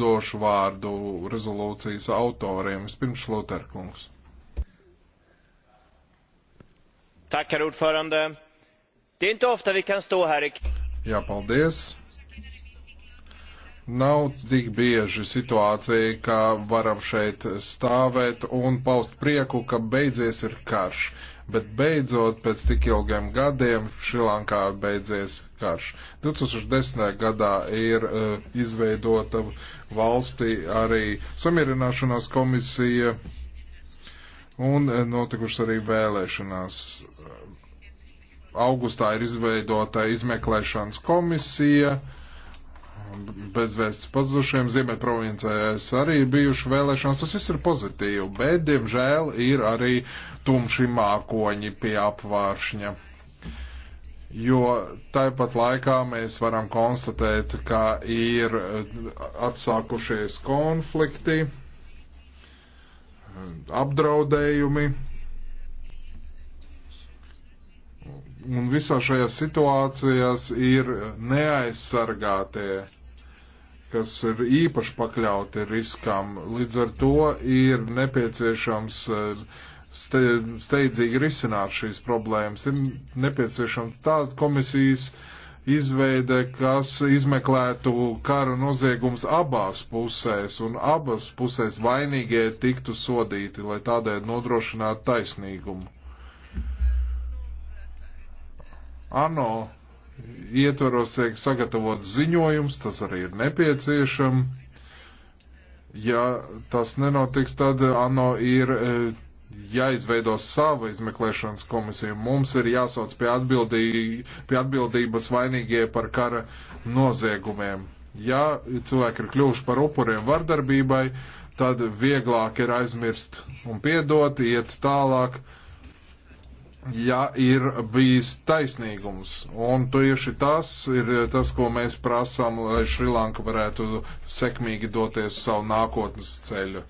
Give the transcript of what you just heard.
došu vārdu rezolūcijas autoriem. Vispirms Šloterkungs. Tack, herr ordförande. Det är inte ofta vi kan stå här i... Jā, paldies. Nav tik bieži situācija, ka varam šeit stāvēt un paust prieku, ka beidzies ir karš. Bet beidzot, pēc tik ilgiem gadiem, Šrilankā beidzies karš. 2010. gadā ir uh, izveidota valstī arī samierināšanās komisija un eh, notikušas arī vēlēšanās. Augustā ir izveidota izmeklēšanas komisija. Uh, bezvēsts pazudušiem. Ziemeļprovincēs arī bijuši vēlēšanas. Tas viss ir pozitīvi, bet, diemžēl, ir arī tumši mākoņi pie apvāršņa. Jo tāpat laikā mēs varam konstatēt, ka ir atsākušies konflikti, apdraudējumi. Un visā šajās situācijās ir neaizsargātie kas ir īpaši pakļauti riskam. Līdz ar to ir nepieciešams eh, steidzīgi risināt šīs problēmas. Ir nepieciešams tāda komisijas izveide, kas izmeklētu kara noziegums abās pusēs, un abas pusēs vainīgie tiktu sodīti, lai tādēļ nodrošinātu taisnīgumu. Ano ietvaros tiek sagatavots ziņojums, tas arī ir nepieciešams. Ja tas nenotiks, tad ANO ir e, jāizveido sava izmeklēšanas komisija. Mums ir jāsauc pie, atbildī, pie atbildības vainīgie par kara noziegumiem. Ja cilvēki ir kļuvuši par upuriem vardarbībai, tad vieglāk ir aizmirst un piedot, iet tālāk ja ir bijis taisnīgums. Un tieši tas ir tas, ko mēs prasām, lai Šrilanka varētu sekmīgi doties savu nākotnes ceļu.